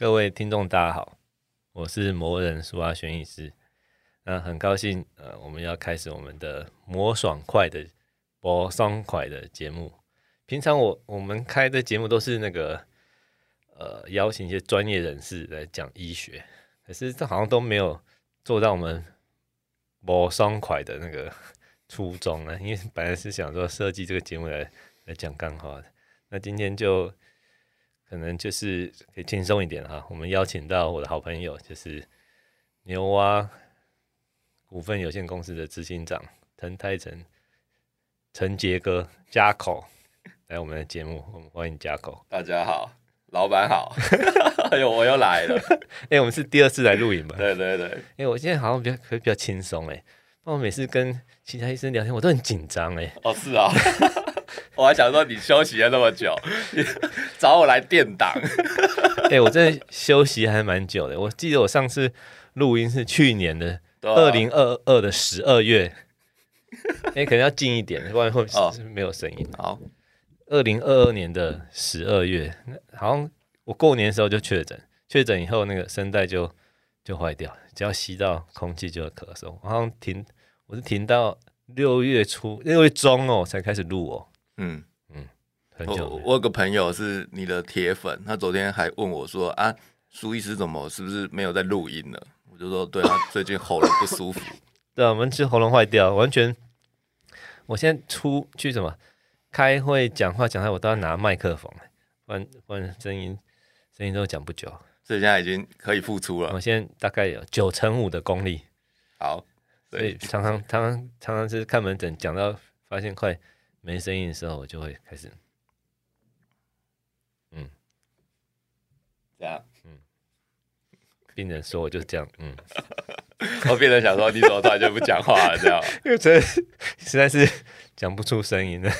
各位聽眾，大家好，我是魔人蘇阿軒醫師。那很高興，呃，我們要開始我們的魔爽快的魔爽快的節目。平常我我們開的節目都是那個，呃，邀請一些專業人士來講醫學，可是這好像都沒有做到我們魔爽快的那個初衷呢。因為本來是想說設計這個節目來來講乾貨的，那今天就。可能就是可以輕鬆一點哈。我們邀請到我的好朋友，就是牛蛙股份有限公司的執行長陳泰成、陳杰哥、加口來我們的節目。我們歡迎加口。大家好，老闆好。 哎呦，我又來了。 哎，我們是第二次來錄影吧？ 對對對。哎，我現在好像比較可以比較輕鬆哎、欸。那我每次跟其他醫生聊天，我都很緊張哎、欸。哦，是啊、哦。 我還想說，你休息了那麼久， 找我來電檔。哎、 欸，我真休息還蠻久的。我記得我上次錄音是去年的二零二二的十二月。哎、啊 欸，可能要近一點，不然會沒有聲音、哦。好，二零二二年的十二月，好像我過年的時候就確診，確診以後那個聲帶就就壞掉了，只要吸到空氣就會咳嗽。我好像停，我是停到六月初、六月中哦才開始錄哦。嗯嗯，嗯，很久。我我有個朋友是你的鐵粉，他昨天還問我說啊，蘇醫師怎麼是不是沒有在錄音呢？我就說對啊， 最近喉嚨不舒服。對、啊，我們是喉嚨壞掉，完全。我現在出去什麼開會講話講話，我都要拿麥克風，不然不然聲音聲音都講不久。所以現在已經可以復出了，我現在大概有九成五的功力。嗯、好，所以常常常常常常是看門診，講到發現快。沒聲音的時候，我就會開始，嗯，這樣，嗯，病人說我就這樣，嗯，我 病人想說你怎麼突然就不講話了？這樣， 因為真的實在是講不出聲音了，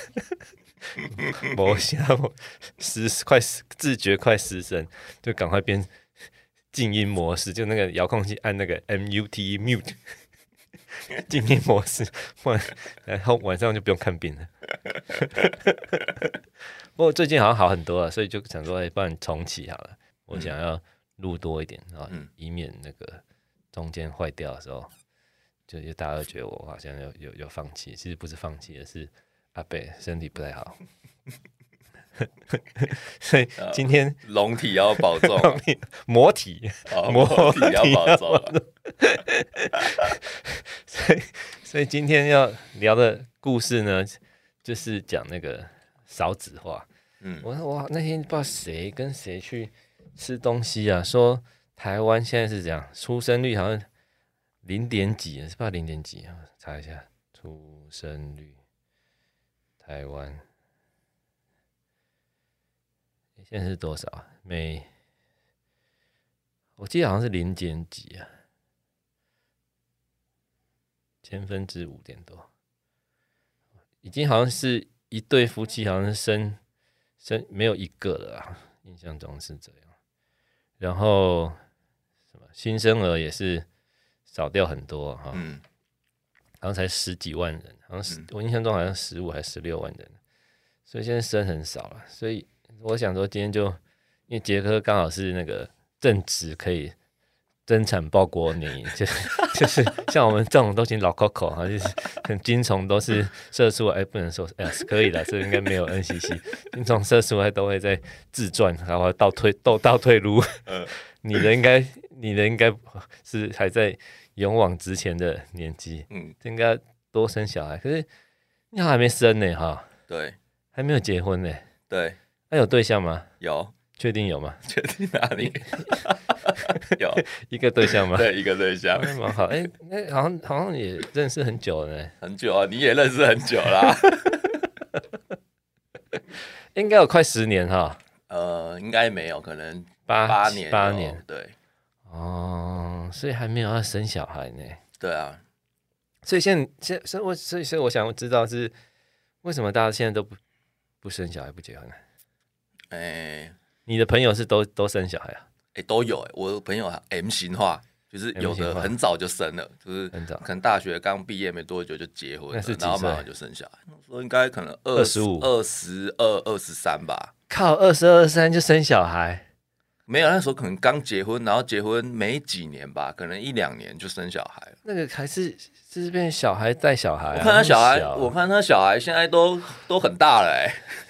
我 想，我失快失自覺，快失聲，就趕快變靜音模式，就那個遙控器按那個 M U T Mute。靜音模式，不然然後晚上就不用看病了。 不過最近好像好很多了，所以就想說，哎、欸，不然重啟好了。我想要錄多一點啊，然後以免那個中間壞掉的時候，就、嗯、就大家都覺得我好像有有有放棄，其實不是放棄，而是阿北身體不太好。嗯 所以今天龍，呃，龍體要保重啊， 魔體啊，魔體要保重啊。 所以所以今天要聊的故事呢，就是講那個少子化。嗯，我說哇，那天不知道誰跟誰去吃東西啊，說台灣現在是這樣，出生率好像零點幾，是不是零點幾啊？查一下出生率，台灣。現在是多少啊？每我記得好像是零點幾啊，千分之五點多，已經好像是一對夫妻好像生生沒有一個了啊，印象中是這樣。然後什麼新生兒也是少掉很多哈、啊嗯，好像才十幾萬人，好像十、嗯、我印象中好像十五還是十六萬人，所以現在生很少了、啊，所以。我想說，今天就因為杰哥剛好是那個正值可以增產報國年，就就是像我們這種都已經老 Coco 啊，就是昆蟲都是射出哎，不能說哎，欸、是可以的，這應該沒有 NCC，精蟲射出來都會在自轉，然後倒退都倒,倒退路。 你的應該，你的應該是還在勇往直前的年紀，嗯，這應該多生小孩。可是你好還沒生呢，哈，對，還沒有結婚呢、欸，對。那、欸、有對象嗎？有，確定有嗎？確、嗯、定哪裡？ 有 一個對象嗎？對，一個對象，蠻好，好。哎、欸，哎、欸，好像好像也認識很久了，很久啊！你也認識很久啦、啊 欸，應該有快十年哈。呃，應該沒有，可能八年八，八年，八年對。哦，所以還沒有要生小孩呢。對啊。所以現現所以所以所以我想知道的是為什麼大家現在都不不生小孩不結婚呢？哎、欸，你的朋友，是都都生小孩啊？哎、欸，都有、欸。我的朋友 M 型化，就是有的很早就生了，就是很早，可能大學剛畢業沒多久就結婚，然後馬上就生小孩。那時候應該可能二十五、二十二、二十三吧。靠，二十二、三就生小孩？沒有，那時候可能剛結婚，然後結婚沒幾年吧，可能一兩年就生小孩了。那個還是就是變小孩帶小孩。我看他小孩，小我看他小孩現在都都很大了、欸。哎。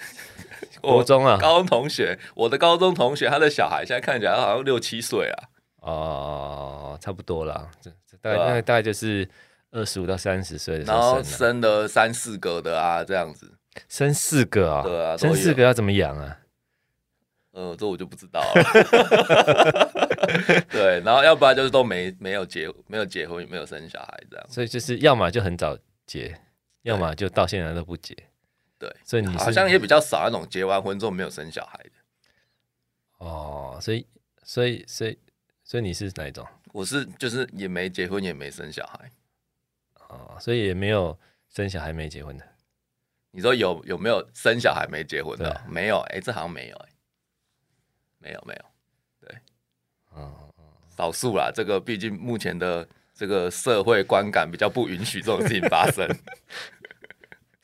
高中啊，高中同學，我的高中同學，他的小孩現在看起來好像六七歲啊，哦，差不多啦，這，這大概，嗯、大概就是二十五到三十歲的，然後生了三四個的啊，這樣子，生四個啊、哦，對啊，生四個要怎麼養啊？呃、嗯，這我就不知道了。 對，然後要不然就是都沒沒有結沒有結婚沒有生小孩這樣，所以就是要麼就很早結，要麼就到現在都不結。對，所以你是好像也比較少那種結完婚之後沒有生小孩的。哦，所以所以所以所以你是哪一種？我是就是也沒結婚也沒生小孩。哦，所以也沒有生小孩沒結婚的。你說有有沒有生小孩沒結婚的？沒有，哎、欸，這好像沒有、欸，哎，沒有沒有，對，嗯、哦，少數啦。這個畢竟目前的這個社會觀感比較不允許這種事情發生。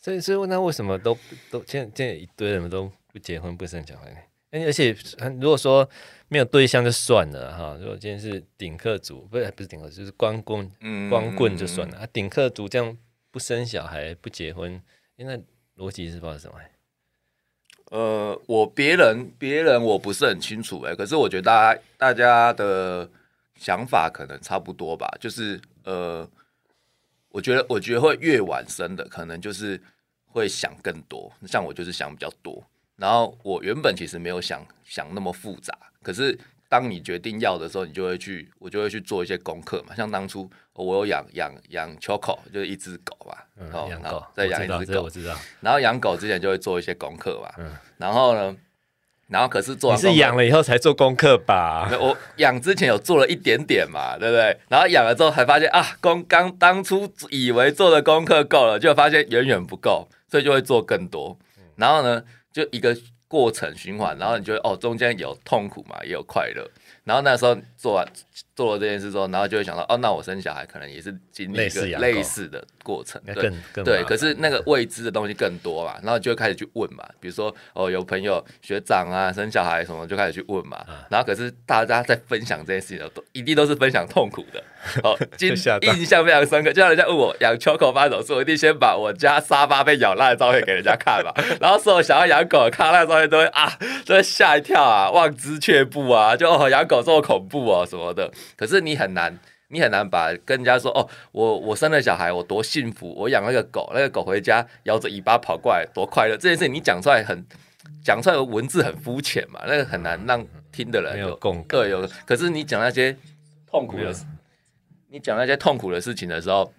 所以，所以問他為什麼都都現在現在一堆人都不結婚不生小孩呢、欸？而且如果說沒有對象就算了哈。如果今天是頂客族，不是不是頂客，就是光棍，光棍就算了。嗯、啊、頂客族這樣不生小孩不結婚，欸、那邏輯是發生什麼？呃，我別人別人我不是很清楚哎、欸。可是我覺得大家大家的想法可能差不多吧。就是呃，我覺得我覺得會越晚生的，可能就是。會想更多，像我就是想比較多。然後我原本其實沒有想想那麼複雜，可是當你決定要的時候，你就會去，我就會去做一些功課嘛。像當初我有養養養 Choco，就是一隻狗吧、嗯，然後再養一隻狗，然後養狗之前就會做一些功課吧、嗯。然後呢，然後可是做完你是養了以後才做功課吧？我養之前有做了一點點嘛，對不對？然後養了之後才發現啊，剛剛當初以為做的功課夠了，就發現遠遠不夠。所以就會做更多，然後呢，就一個過程循環，然後你就哦，中間有痛苦嘛，也有快樂，然後那時候。做完做了這件事之後，然後就會想到哦，那我生小孩可能也是經歷類似類似的過程，對對，可是那個未知的東西更多嘛，然後就會開始去問嘛，比如說哦有朋友學長啊生小孩什麼就開始去問嘛，嗯，然後可是大家在分享這件事情的時候都一定都是分享痛苦的，好，印 印象非常深刻，就讓人家問我養秋口發走，所以我一定先把我家沙發被咬爛的照片給人家看嘛， 然後說我想要養狗，看到那照片都會啊都會嚇一跳啊，望之卻步啊，就哦養狗這麼恐怖啊。啊什麼的，可是你很難，你很難把跟人家說哦，我我生了小孩，我多幸福，我養了一個狗，那個狗回家搖着尾巴跑過來，多快樂。這件事情你講出來很，講出來的文字很膚淺嘛，那個很難讓聽的人有，有共。對，有。可是你講那些痛苦的，你講那些痛苦的事情的時候，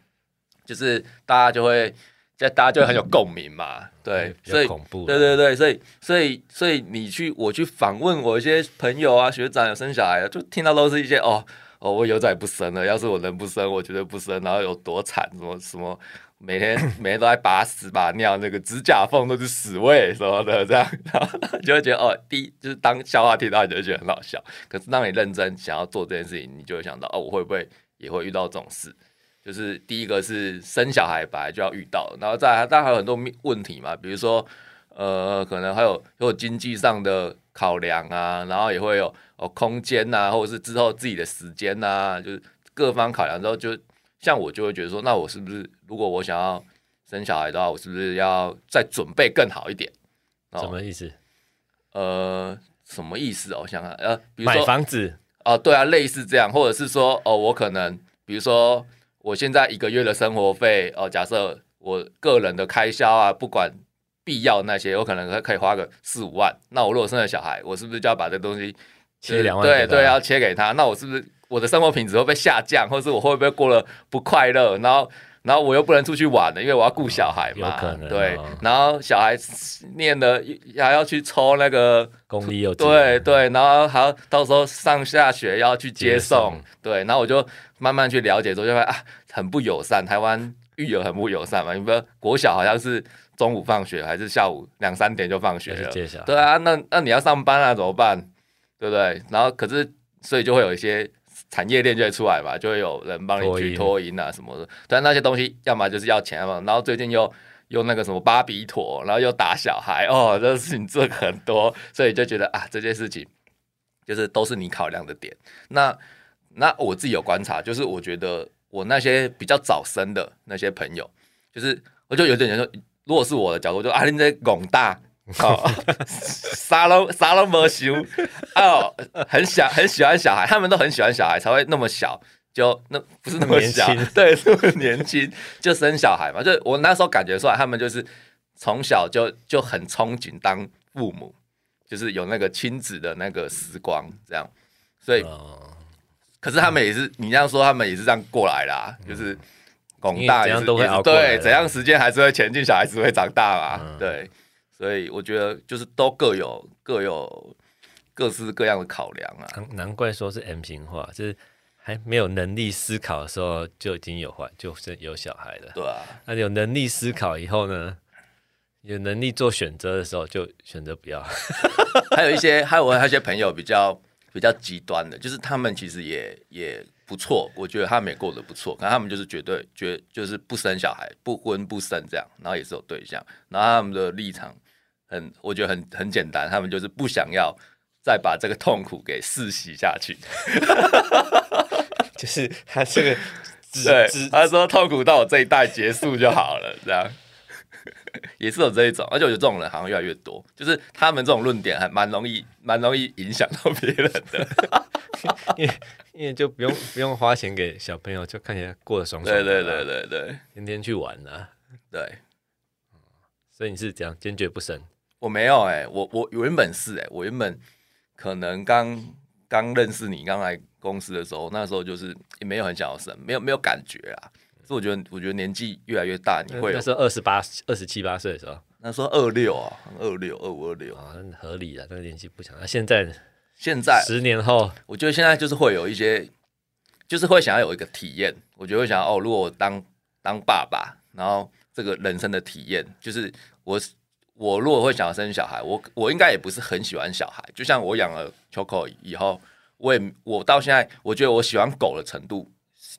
就是大家就會，就大家就會很有共鳴嘛。 對，所以，對對對，所以，所以，所以，你去，我去訪問我一些朋友啊，學長有生小孩，就聽到都是一些哦哦，我有仔不生了，要是我人不生，我絕對不生，然後有多慘，什麼什麼，每天 每天都在把屎把尿，那個指甲縫都是屎味什麼的，這樣然後就會覺得哦，第一就是當笑話聽到，你就會覺得很好笑，可是當你認真想要做這件事情，你就會想到哦，我會不會也會遇到這種事。就是第一個是生小孩本來就要遇到，然後再當然還有很多問題嘛，比如說呃，可能還有有經濟上的考量啊，然後也會有哦空間啊，或者是之後自己的時間啊。就是各方考量之後，就像我就會覺得說，那我是不是如果我想要生小孩的話，我是不是要再準備更好一點？什麼意思？呃，什麼意思？我想想，呃，比如說，買房子？啊、呃，對啊，類似這樣，或者是說哦、呃，我可能比如說。我現在一個月的生活費，哦、呃，假設我個人的開銷啊，不管必要的那些，我可能可以花個四五萬。那我如果生了小孩，我是不是就要把這東西切兩萬？對對，要切給他。那我是不是我的生活品質會被下降，或是我會不會過了不快樂？然後。然後我又不能出去玩了，因為我要顧小孩嘛，哦、可能對、哦。然後小孩念的還要去抽那個公立有對對，然後還要到時候上下學要去接送，接對。然後我就慢慢去了解之後就會啊，很不友善，台灣育兒很不友善嘛。你不知道國小好像是中午放學還是下午兩三點就放學了，對，對啊，那那你要上班啊怎麼辦，對不對？然後可是所以就會有一些。產業鏈就會出來嘛，就會有人幫你去托嬰啊什麼的，但那些東西要麼就是要錢要嘛。然後最近又用那個什麼巴比妥，然後又打小孩哦，這個事情做很多， 所以就覺得啊，這件事情就是都是你考量的點。那那我自己有觀察，就是我覺得我那些比較早生的那些朋友，就是我就有點覺得，如果是我的角度，就啊你在拱大。 哦，沙龍沙龍魔修哦，很喜很喜歡小孩，他們都很喜歡小孩，才會那麼小，就那不是那麼小，對，那麼年輕就生小孩嘛，就我那時候感覺出來，他們就是從小就就很憧憬當父母，就是有那個親子的那個時光這樣，所以，嗯、可是他們也是你這樣說，他們也是這樣過來啦、嗯，就是廣大是都會熬過，對，怎樣時間還是會前進，小孩子會長大嘛，嗯、對。所以我覺得就是都各有各有各式各樣的考量啊，難怪說是 M 型化，就是還沒有能力思考的時候就已經有懷，就是有小孩了。對啊，那有能力思考以後呢，有能力做選擇的時候就選擇不要。還有一些還有還有一些朋友比較比較極端的，就是他們其實也也不錯，我覺得他們也過得不錯，可他們就是絕對絕就是不生小孩，不婚不生這樣，然後也是有對象，然後他們的立場。很，我覺得很很簡單，他們就是不想要再把這個痛苦給世襲下去， 就是他這個，對，他說痛苦到我這一代結束就好了， 這樣，也是有這一種，而且我覺得這種人好像越來越多，就是他們這種論點還蠻容易，蠻容易影響到別人的， 因為因為就不用不用花錢給小朋友，就看起來過得爽爽的，啊，對，對對對對對，天天去玩呢，啊，對，所以你是這樣堅決不生？我沒有誒、欸，我我原本是誒、欸，我原本可能剛剛認識你，剛來公司的時候，那時候就是也沒有很想要生，沒有沒有感覺啊。是我覺得，我覺得年紀越來越大，你會、嗯、那時候二十八、二十七八歲的時候，那時候二六啊，二六二五二六啊，很合理啊。那個年紀不想。那、啊、現在現在十年後，我覺得現在就是會有一些，就是會想要有一個體驗。我覺得會想要哦，如果我當當爸爸，然後這個人生的體驗，就是我。我如果會想要生小孩，我我應該也不是很喜歡小孩。就像我養了 Choco 以後，我也我到現在，我覺得我喜歡狗的程度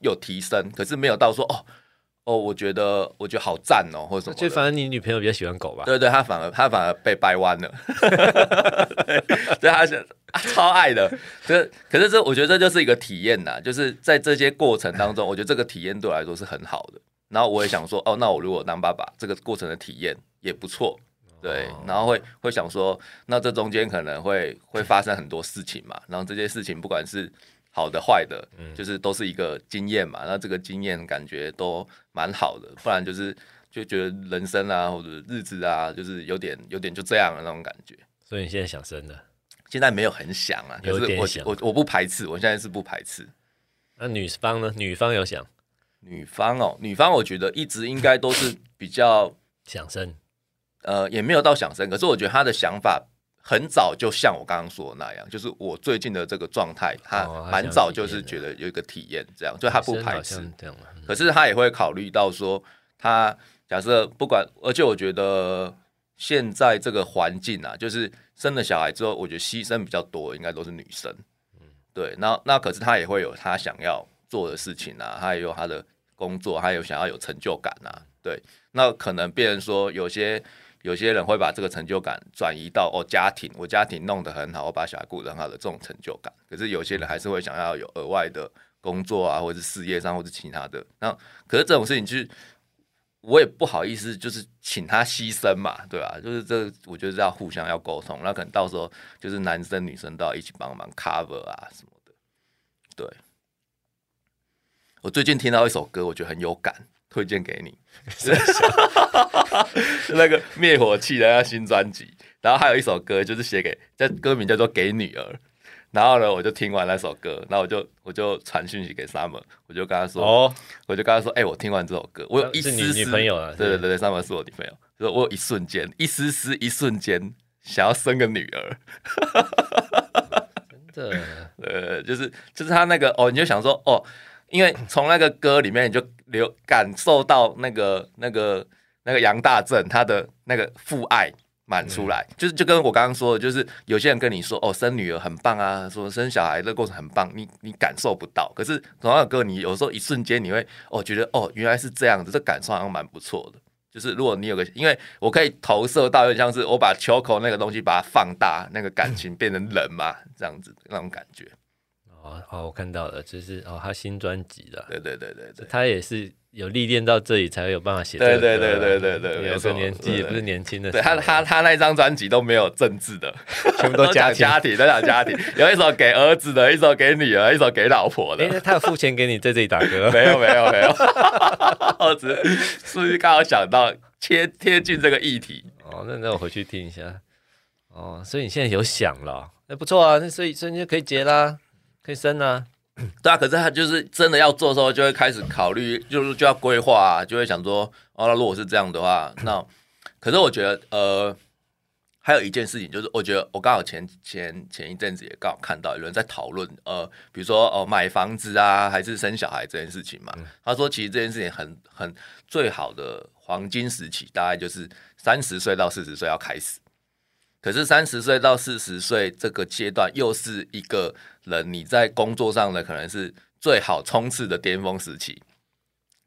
有提升，可是沒有到說哦哦，我覺得我覺得好讚哦，或者什麼。就反正你女朋友比較喜歡狗吧？對對對，她反而她反而被掰彎了。 對，她是、啊、超愛的。就是可是這，我覺得這就是一個體驗吶。就是在這些過程當中， 我覺得這個體驗對我來說是很好的。然後我也想說，哦，那我如果當爸爸，這個過程的體驗也不錯。對，然後會會想說，那這中間可能會會發生很多事情嘛，然後這些事情不管是好的壞的、嗯，就是都是一個經驗嘛。那這個經驗感覺都蠻好的，不然就是就覺得人生啊或者日子啊，就是有點有點就這樣的那種感覺。所以你現在想生的？現在沒有很想啊，可是我有點想，我我，我不排斥，我現在是不排斥。那女方呢？女方有想？女方哦，女方我覺得一直應該都是比較 想生。呃，也沒有到想生，可是我覺得他的想法很早，就像我剛剛說的那樣，就是我最近的這個狀態，他蠻早就是覺得有一個體驗這樣，哦啊，就他不排斥，是這樣啊嗯、可是他也會考慮到說，他假設不管，而且我覺得現在這個環境啊，就是生了小孩之後，我覺得犧牲比較多，應該都是女生，嗯，對，那那可是他也會有他想要做的事情啊，他也有他的工作，他有想要有成就感啊，對，那可能變成說有些。有些人會把這個成就感轉移到哦家庭，我家庭弄得很好，我把小孩顧得很好的這種成就感。可是有些人還是會想要有額外的工作啊，或者是事業上，或者是其他的。那可是這種事情，其實我也不好意思，就是請他犧牲嘛，對吧？就是這，我覺得是要互相要溝通。那可能到時候就是男生女生都要一起幫忙 cover 啊什麼的。對，我最近聽到一首歌，我覺得很有感。推薦給你 那個滅火器的那個新專輯，然後還有一首歌，就是寫給，這歌名叫做《給女兒》，然後呢，我就聽完那首歌，然後我就我就傳訊息給 summer，我就跟他說，我就跟他說，哎，我聽完這首歌，我有一絲絲，女朋友，對對對，summer 是我女朋友，說我有一瞬間，一絲絲，一瞬間想要生個女兒， 真的，呃，就是就是他那個，哦，你就想說，哦。因為從那個歌裡面，你就流感受到那個、那個、那個楊大正他的那個父愛滿出來，嗯、就是就跟我剛剛說的，就是有些人跟你說哦，生女兒很棒啊，說生小孩的過程很棒，你你感受不到。可是同樣的歌，你有時候一瞬間你會哦覺得哦，原來是這樣子，這感受好像蠻不錯的。就是如果你有個，因為我可以投射到，就像是我把秋口那個東西把它放大，那個感情變成人嘛、啊嗯，這樣子那種感覺。哦，哦，我看到了，就是哦，他新專輯的，對、對對對對對，他也是有歷練到這裡才會有辦法寫。對對對對對對、對，嗯、也是年紀也不是年輕的，對對對。他他他那張專輯都沒有政治的，全部都講家、家、 家庭，都講家庭， 有一首給兒子的，一首給女兒，一首給老婆的。因、欸、為他有付錢給你在這裡打歌？沒有沒有沒有。沒有沒有 我只是剛好想到切貼近這個議題。嗯、哦，那那我回去聽一下。哦，所以你現在有想了。哦，哎、欸，不錯啊，那所以所以就可以結啦。最生呢？對啊，可是他就是真的要做的時候，就會開始考慮，就是就要規劃啊，就會想說，哦，那如果是這樣的話，那可是我覺得，呃，還有一件事情，就是我覺得我剛好前前前一陣子也剛好看到有人在討論，呃，比如說哦，呃，買房子啊，還是生小孩這件事情嘛，他說其實這件事情很很最好的黃金時期，大概就是三十歲到四十歲要開始。可是三十歲到四十歲這個階段，又是一個人你在工作上的可能是最好衝刺的巔峰時期。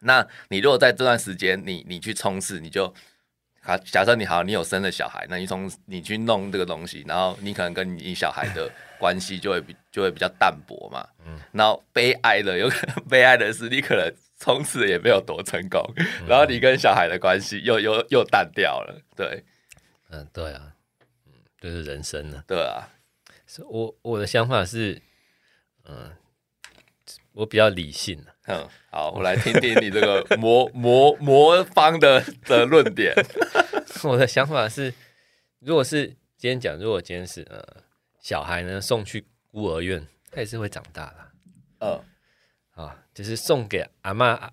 那你如果在這段時間，你你去衝刺，你就，好，假設你好，你有生了小孩，那你從你去弄這個東西，然後你可能跟你小孩的關係就會比 就會比較淡薄嘛。嗯。然後悲哀的，有可能悲哀的是，你可能衝刺也沒有多成功，嗯，然後你跟小孩的關係又又又淡掉了。對，嗯，對啊。就是人生呢，對啊，我我的想法是，嗯、呃，我比較理性。嗯，好，我來聽聽你這個魔 魔魔方的的論點。我的想法是，如果是今天講，如果今天是，嗯、呃，小孩呢送去孤兒院，他也是會長大的。嗯，啊，就是送給阿嬤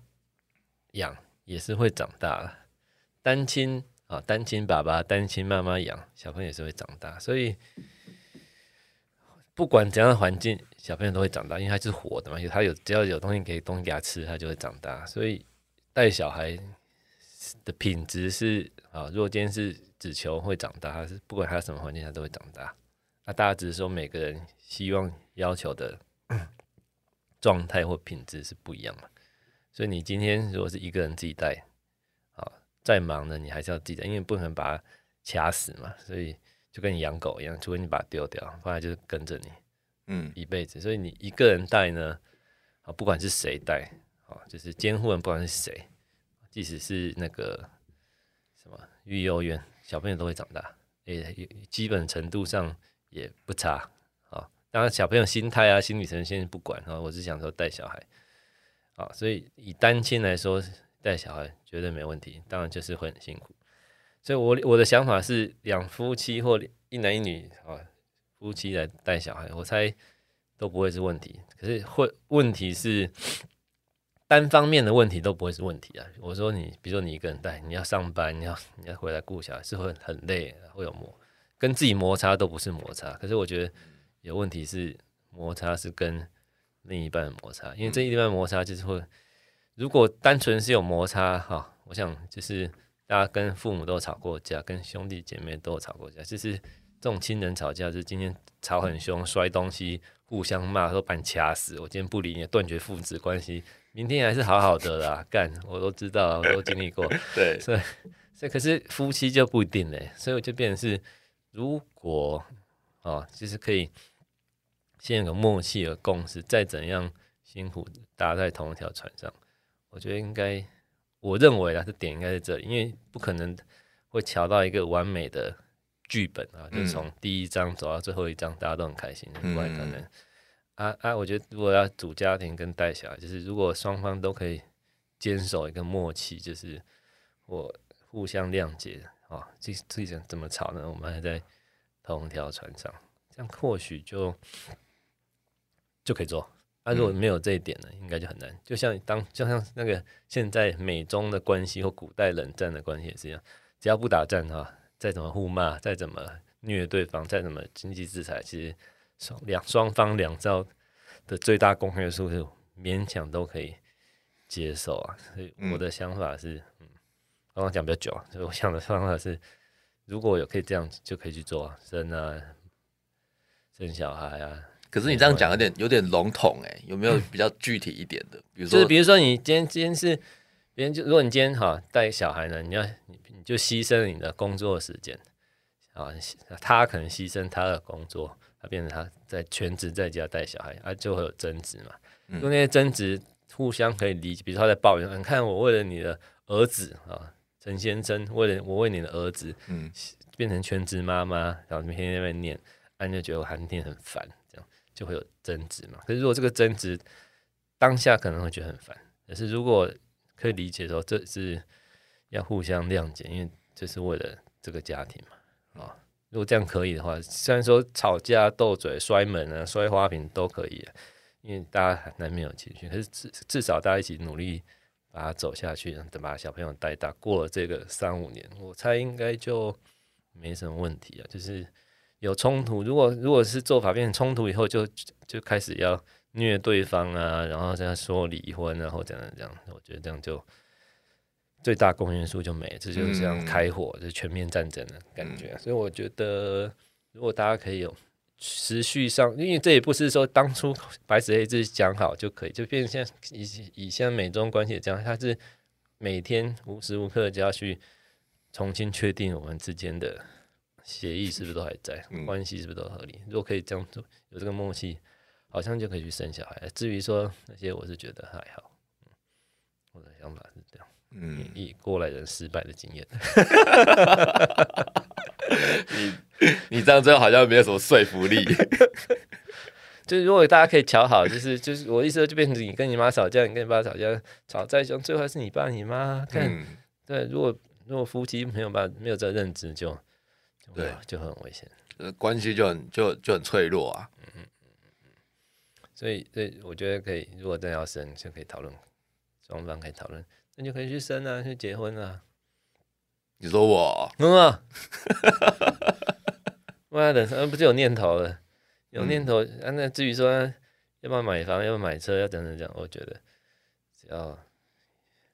養也是會長大的。單親。啊，單親爸爸、單親媽媽養小朋友也是會長大，所以不管怎樣的環境，小朋友都會長大，因為他是活的嘛，他有只要有東西給東西給他吃，他就會長大。所以帶小孩的品質是啊，如果今天是只求會長大，他是不管他什麼環境他都會長大。那、啊、大家只是說每個人希望要求的狀態或品質是不一樣嘛？所以你今天如果是一個人自己帶。再忙呢，你還是要記得，因為不能把它掐死嘛，所以就跟你養狗一樣，除非你把它丟掉，不然就是跟着你，嗯，一輩子。所以你一個人帶呢，啊，不管是誰帶，啊，就是監護人不管是誰，即使是那個什麼育幼院小朋友都會長大，也基本程度上也不差，啊，當然小朋友心態啊、心理層面先不管啊，我只想說帶小孩，啊，所以以單親來說。帶小孩絕對沒問題，當然就是會很辛苦，所以我我的想法是兩夫妻或一男一女啊，夫妻來帶小孩，我猜都不會是問題。可是會問題是單方面的問題都不會是問題啊。我說你，比如說你一個人帶，你要上班，你要你要回來顧小孩，是會很累，會有磨，跟自己摩擦都不是摩擦。可是我覺得有問題是摩擦是跟另一半的摩擦，因為這一半的摩擦就是會。嗯如果單純是有摩擦哈、哦，我想就是大家跟父母都吵過架，跟兄弟姐妹都吵過架，就是這種親人吵架，就是今天吵很兇，摔東西，互相罵，說把你掐死，我今天不理你，斷絕父子關係，明天還是好好的啦， 幹我都知道，我都經歷過， 對，所以，所以可是夫妻就不一定了，所以我就變成是，如果，哦，就是可以先有個默契的共識，再怎樣辛苦搭在同一條船上。我覺得應該，我認為啊，這點應該在這裡，因為不可能會瞧到一個完美的劇本啊,就從第一章走到最後一章，大家都很開心，不太可能。啊啊，我覺得如果要組家庭跟帶小孩，就是如果雙方都可以堅守一個默契，就是我互相諒解啊，這這怎怎麼吵呢？我們還在同條船上，這樣或許就就可以做。他、啊、如果沒有這一點呢、嗯，應該就很難。就像當，就像那個現在美中的關係，或古代冷戰的關係也是一樣。只要不打仗啊，再怎麼互罵，再怎麼虐對方，再怎麼經濟制裁，其實雙兩雙方兩造的最大公約數是勉強都可以接受啊。所以我的想法是，嗯，嗯剛剛講比較久啊，所以我想的方法是，如果有可以這樣，就可以去做生啊，生小孩啊。可是你這樣講有點有點籠統哎、欸，有沒有比較具體一點的？比如說、嗯，就是、比如說你今天今天是別人就如果你今天哈、啊、帶小孩呢，你要你就犧牲你的工作的時間啊，他可能犧牲他的工作，他變成他在全職在家帶小孩，啊就會有爭執嘛。用那些爭執互相可以理解，比如說在抱怨，你看我為了你的兒子啊，陳先生我為了我為你的兒子，變成全職媽媽，然後天天在那邊念，他、啊、就覺得我天天很煩。就會有爭執嘛，可是如果這個爭執當下可能會覺得很煩，可是如果可以理解說這是要互相諒解，因為這是為了這個家庭嘛，啊、哦，如果這樣可以的話，雖然說吵架、鬥嘴、摔門啊、摔花瓶都可以啊，因為大家還難免有情緒，可是至至少大家一起努力把它走下去，等把小朋友帶大，過了這個三五年，我猜應該就沒什麼問題啊，就是。有衝突，如果如果是做法變成衝突以後就，就就開始要虐對方啊，然後這樣說離婚，然後這樣這樣，我覺得這樣就最大公約數就沒了，就就這樣開火、嗯，就全面戰爭的感覺。嗯、所以我覺得，如果大家可以有持續上，因為這也不是說當初白紙黑字講好就可以，就變成現在以以現在美中關係這樣，它是每天無時無刻就要去重新確定我們之間的。協議是不是都還在？關係是不是都合理？如、嗯、果可以這樣做，有這個默契，好像就可以去生小孩。至於說那些，我是覺得還好。嗯、我的想法是這樣。嗯，以過來人失敗的經驗，嗯、 你你這樣最後好像沒有什麼說服力。 就是如果大家可以喬好，就是就是我意思就變成你跟你媽吵架，你跟你爸吵架，吵再凶，最後還是你爸你媽。嗯。對，如果如果夫妻沒有辦法，沒有這個認知就。對、啊，就很危險，呃、嗯，關係就很就就很脆弱啊。嗯嗯嗯嗯，所以，所以我覺得可以，如果真要生，就可以討論，雙方可以討論，那就可以去生啊，去結婚啊。你說我？嗯啊，媽 的，那、啊、不是有念頭了？有念頭、嗯、啊？那至於說、啊、要不要買房，要不要買車，要等等樣，我覺得只要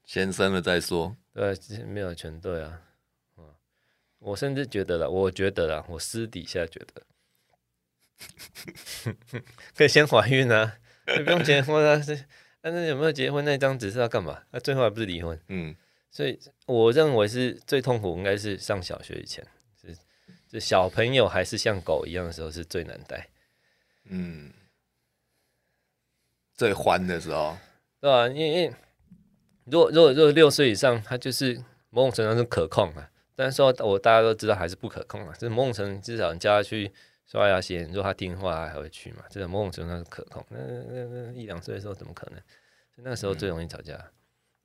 先生了再說。對，沒有全對啊。我甚至覺得了，我覺得了，我私底下覺得， 可以先懷孕啊，不用結婚啊，是、 啊，但是有沒有結婚那張紙是要幹嘛？那、啊、最後還不是離婚？嗯，所以我認為是最痛苦，應該是上小學以前，是，就小朋友還是像狗一樣的時候是最難帶，嗯，最歡的時候，對吧、啊？因為因為如果如果如果六歲以上，他就是某種程度上是可控的、啊。但是說，我大家都知道還是不可控啊。這某種程度至少你叫他去刷牙洗臉，你說他聽話他還會去嘛。這個某種程度那是可控，那那那一兩歲的時候怎麼可能？所以那時候最容易吵架，嗯、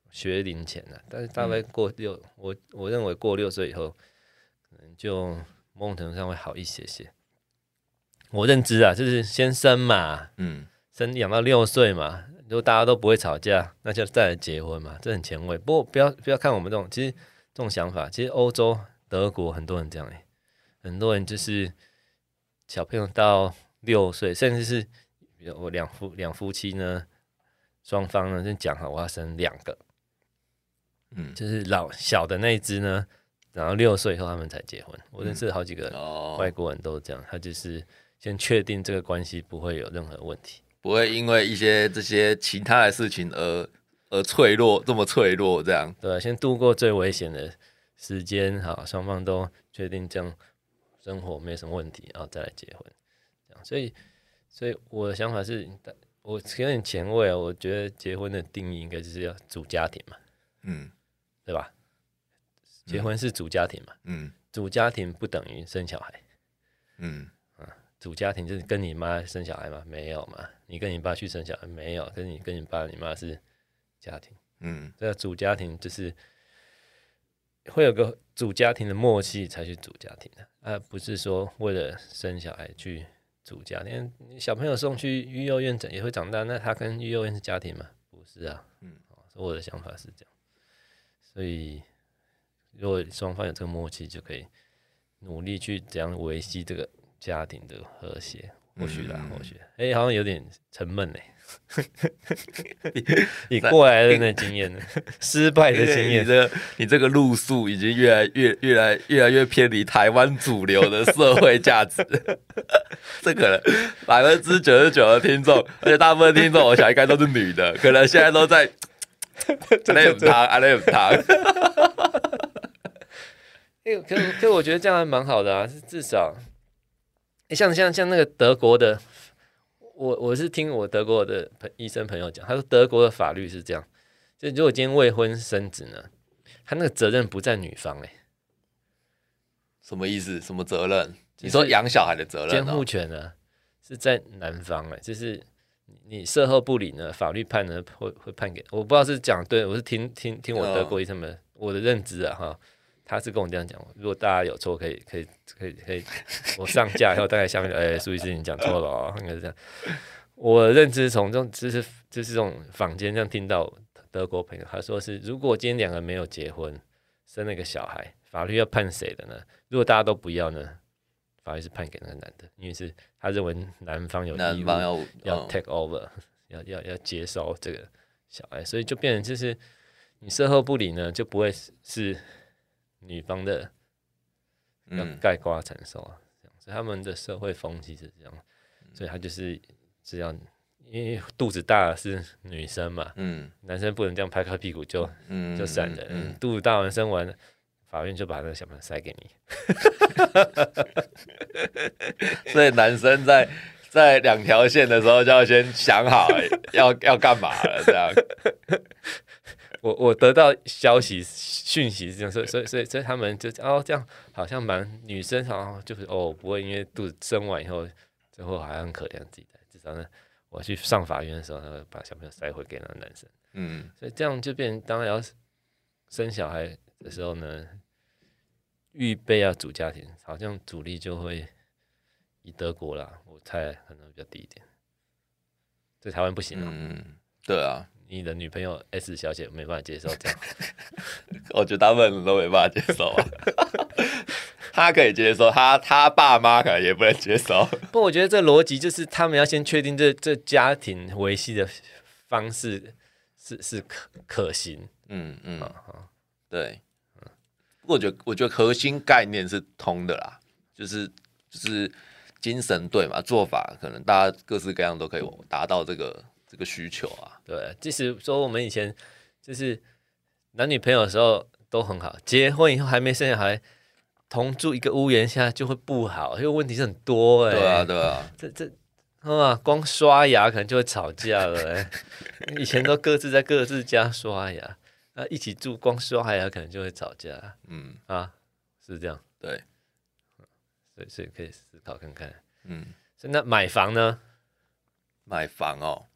學齡前的、啊。但是大概過六，我我認為過六歲以後，嗯、就某種程度上會好一些些。我認知啊，就是先生嘛，嗯、生養到六歲嘛，如果大家都不會吵架，那就再來結婚嘛，這很前衛。不過不要不要看我們這種，其實。這種想法，其實歐洲、德國很多人這樣哎、欸，很多人就是小朋友到六歲，甚至是我兩夫兩夫妻呢，雙方呢先講好我要生兩個，嗯，就是老小的那一只呢，然後六歲以後他們才結婚、嗯。我認識好幾個外國人都是這樣，他就是先確定這個關係不會有任何問題，不會因為一些這些其他的事情而。呃，脆弱，這麼脆弱，這樣對啊，先度過最危險的時間，好，雙方都確定這樣生活沒什麼問題，然後再來結婚，這樣。所以，所以我的想法是，我有點前衛啊，我覺得結婚的定義應該就是要組家庭嘛，嗯，對吧？結婚是組家庭嘛，嗯，組家庭不等於生小孩，嗯，啊、嗯，組家庭就是跟你媽生小孩嘛，沒有嘛，你跟你爸去生小孩沒有，跟你跟你爸、你媽是。家庭，嗯，這個、組家庭就是會有個組家庭的默契才去組家庭的，而、啊、不是說為了生小孩去組家庭，小朋友送去育幼院長也會長大，那他跟育幼院是家庭嗎？不是啊，嗯，哦、所以我的想法是這樣，所以如果雙方有這個默契，就可以努力去怎樣維繫這個家庭的和諧，或許啦，嗯嗯嗯或許，哎，好像有點沉悶呢、欸。 你過來的經驗呢？失敗的經驗，這你這個路數已經越來越、越來、越來越偏離台灣主流的社會價值。 這可能百分之九十九的聽眾，而且大部分聽眾，我想應該都是女的，可能現在都在勒姆他，勒姆他。哎，可可，我覺得這樣還蠻好的啊，至少，欸、像像像那個德國的。我我是聽我德國的醫生朋友講，他說德國的法律是這樣，就如果今天未婚生子呢，他那個責任不在女方哎、欸，什麼意思？什麼責任？就是，你說養小孩的責任。哦？監護權呢是在男方哎、欸，就是你事後不理呢，法律判呢會會判給，我不知道是講，對，我是聽聽聽我德國醫生們、哦、我的認知啊哈。他是跟我這樣講，如果大家有錯，可以可以可以可以，可以可以我上架以後，大概下面 哎，蘇醫師你講錯了哦，應該是這樣。我認知從這種，就是就是這種坊間上聽到德國朋友，他說是，如果今天兩個人沒有結婚，生了一個小孩，法律要判誰的呢？如果大家都不要呢，法律是判給那個男的，因為是他認為男方有義務要 take over，要要 takeover、嗯、要、要、要接受這個小孩，所以就變成就是你事後不理呢，就不會是。女方的要概括承受啊，嗯，這樣，所以他們的社會風氣是這樣，嗯，所以他就是這樣，因為肚子大是女生嘛，嗯，男生不能這樣拍拍屁股就就閃人了，嗯嗯，肚子大完生完，法院就把那個小朋友塞給你， 所以男生在在兩條線的時候就要先想好要 要幹嘛了這樣。 我我得到消息訊息這樣，所以所以所以，所以他們就哦這樣，好像蠻女生好像就哦就是哦不會因為肚子生完以後最後好像很可憐自己，至少呢我去上法院的時候，他會把小朋友塞回給那個男生，嗯，所以這樣就變成當然要是生小孩的時候呢，預備要組家庭，好像主力就會以德國啦，我猜可能比較低一點，在台灣不行了，嗯，對啊。你的女朋友 S 小姐沒辦法接受這樣， 我覺得他們都沒辦法接受啊。 他可以接受，他他爸媽可能也不能接受。不過，我覺得這邏輯就是他們要先確定這這家庭維繫的方式是是可可行。嗯嗯、啊、對。嗯，不過我覺得我覺得核心概念是通的啦，就是就是精神對嘛，做法，可能大家各式各樣都可以達到這個這個需求啊，對，即使說我們以前就是男女朋友的時候都很好，結婚以後還沒生小孩，同住一個屋檐下就會不好，因為問題是很多哎、欸。對啊，對啊，這這啊，光刷牙可能就會吵架了、欸，哎， 以前都各自在各自家刷牙，那、啊、一起住光刷牙可能就會吵架。嗯，啊，是這樣，對，所以所以可以思考看看，嗯，所以那買房呢？買房哦。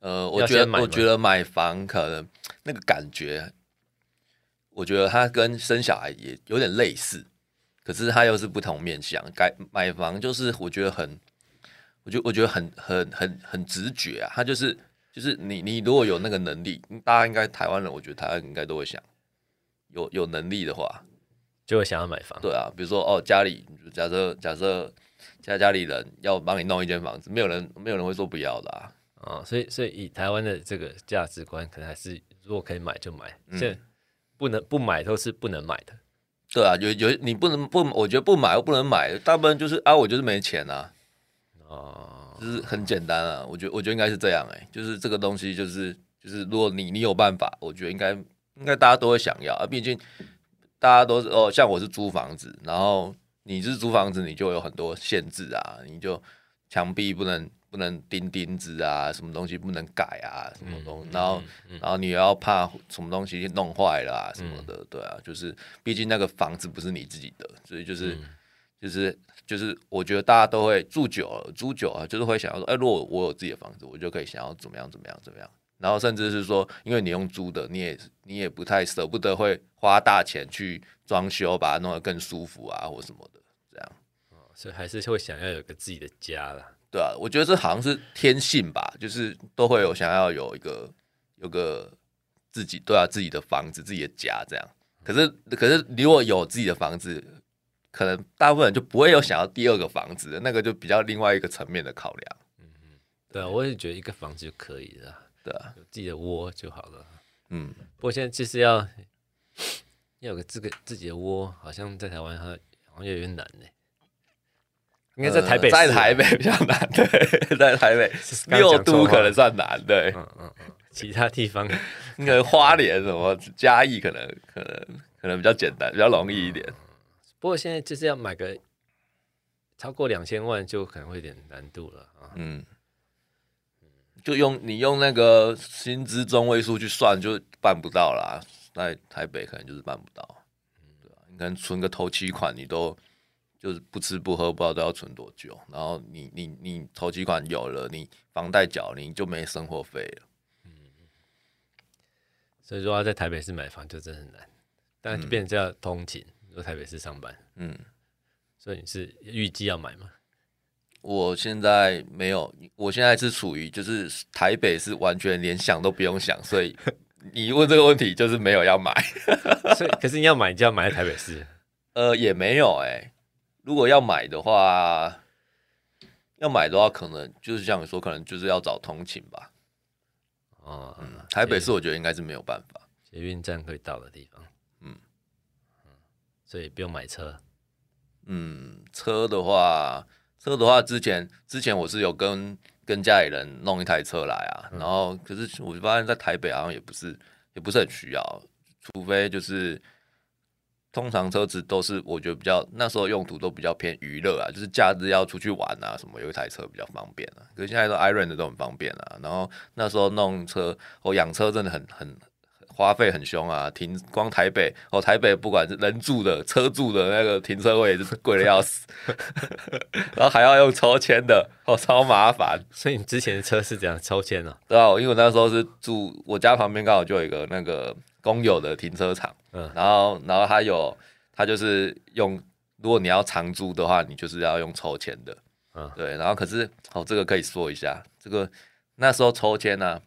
呃，我覺得我覺得買房可能那個感覺，我覺得它跟生小孩也有點類似，可是它又是不同面向。買買房，就是我覺得很，我覺得我覺得很很很很直覺啊。他就是就是你你如果有那個能力，大家應該台灣人，我覺得台灣人應該都會想有有能力的話，就會想要買房。對啊，比如說哦，家裡假設假設家家裡人要幫你弄一間房子，沒有人沒有人會說不要的啊。哦，所以所以以台灣的這個價值觀，可能還是如果可以買就買，現在不能不買都是不能買的。嗯、對啊，有有你不能不，我覺得不買又不能買，大部分就是啊，我就是沒錢啊，哦，就是很簡單啊。我覺得我覺得應該是這樣哎、欸，就是這個東西就是就是，如果你你有辦法，我覺得應該應該大家都會想要，而、啊、畢竟大家都是哦，像我是租房子，然後你是租房子，你就有很多限制啊，你就牆壁不能。不能釘釘子啊，什麼東西不能改啊，什麼東西，嗯、然後、嗯、然後你要怕什麼東西弄壞了、啊嗯、什麼的，對啊，就是畢竟那個房子不是你自己的，所以就是就是、嗯、就是，就是、我覺得大家都會住久了，租久了就是會想要說，哎，如果我有自己的房子，我就可以想要怎麼樣怎麼樣怎麼樣，然後甚至是說，因為你用租的，你也你也不太捨不得會花大錢去裝修，把它弄得更舒服啊，或什麼的這樣，哦，所以還是會想要有個自己的家啦。對啊，我覺得這好像是天性吧，就是都會有想要有一個、有個自己都要、啊、自己的房子，自己的家這樣。可是，可是你如果有自己的房子，可能大部分人就不會有想要第二個房子的，那個就比較另外一個層面的考量。嗯，對啊，我也覺得一個房子就可以了，對啊，有自己的窩就好了。嗯，不過現在其實要要有個自個自己的窩，好像在台灣好像有點難呢、欸。應該在台北、呃，在台北比較難。對，在台北，就是，剛剛六都可能算難。對，嗯嗯嗯，其他地方，應 該花蓮什麼嘉義可，可能可能可能比較簡單，比較容易一點。嗯、不過現在就是要買個超過兩千萬，就可能會有點難度了。嗯、啊，就用你用那個薪資中位數去算，就辦不到啦。在台北可能就是辦不到。對吧？你看存個頭期款，你都。就是不吃不喝，不知道都要存多久。然後你你你頭期款有了，你房貸繳，你就沒生活費了。嗯，所以說要在台北市買房就真的很難，但變成這樣通勤，若、嗯、台北市上班，嗯，所以你是預計要買嗎？我現在沒有，我現在是處於就是台北市完全連想都不用想，所以你問這個問題就是沒有要買。 所以可是你要買，就要買台北市。呃，也沒有哎、欸。如果要買的話，要買的話，可能就是像你說，可能就是要找通勤吧。哦、嗯，台北市我覺得應該是沒有辦法，捷運站可以到的地方。嗯嗯，所以不用買車。嗯，車的話，車的話，之前之前我是有跟跟家裡人弄一台車來啊，嗯、然後可是我就發現，在台北好像也不是，也不是很需要，除非就是。通常車子都是我覺得比較那時候用途都比較偏娛樂啊，就是假日要出去玩啊什麼，有一台車比較方便啊。可是現在都 Iron 的都很方便啊。然後那時候弄車，我養車真的很很。花費很凶啊！停光台北哦，台北不管是人住的、車住的那個停車位，就是貴的要死。 然後還要用抽籤的，哦，超麻煩。所以你之前的車是怎樣抽籤呢、哦？對啊、哦，因為我那時候是住我家旁邊，剛好就有一個那個公有的停車場。嗯，然後然後他有他就是用，如果你要長租的話，你就是要用抽籤的。嗯，對。然後可是，哦，這個可以說一下，這個那時候抽籤呢、啊。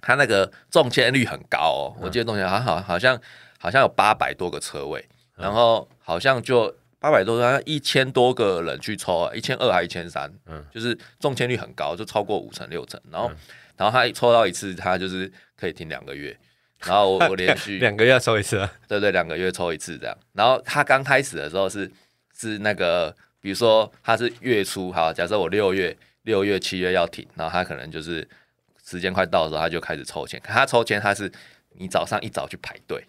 他那個中籤率很高哦，哦、嗯，我記得中籤好好好像好像有八百多個車位，嗯，然後好像就八百多，好像一千多個人去抽，一千二還一千三，嗯，就是中籤率很高，就超過五成六成。然後、嗯、然後他一抽到一次，他就是可以停兩個月。然後我我連續兩 個月抽一次，對，對對，兩個月抽一次這樣。然後他剛開始的時候是是那個，比如說他是月初好，假設我六月六月七月要停，然後他可能就是。時間快到的時候，他就開始抽籤。可他抽籤，他是你早上一早去排隊，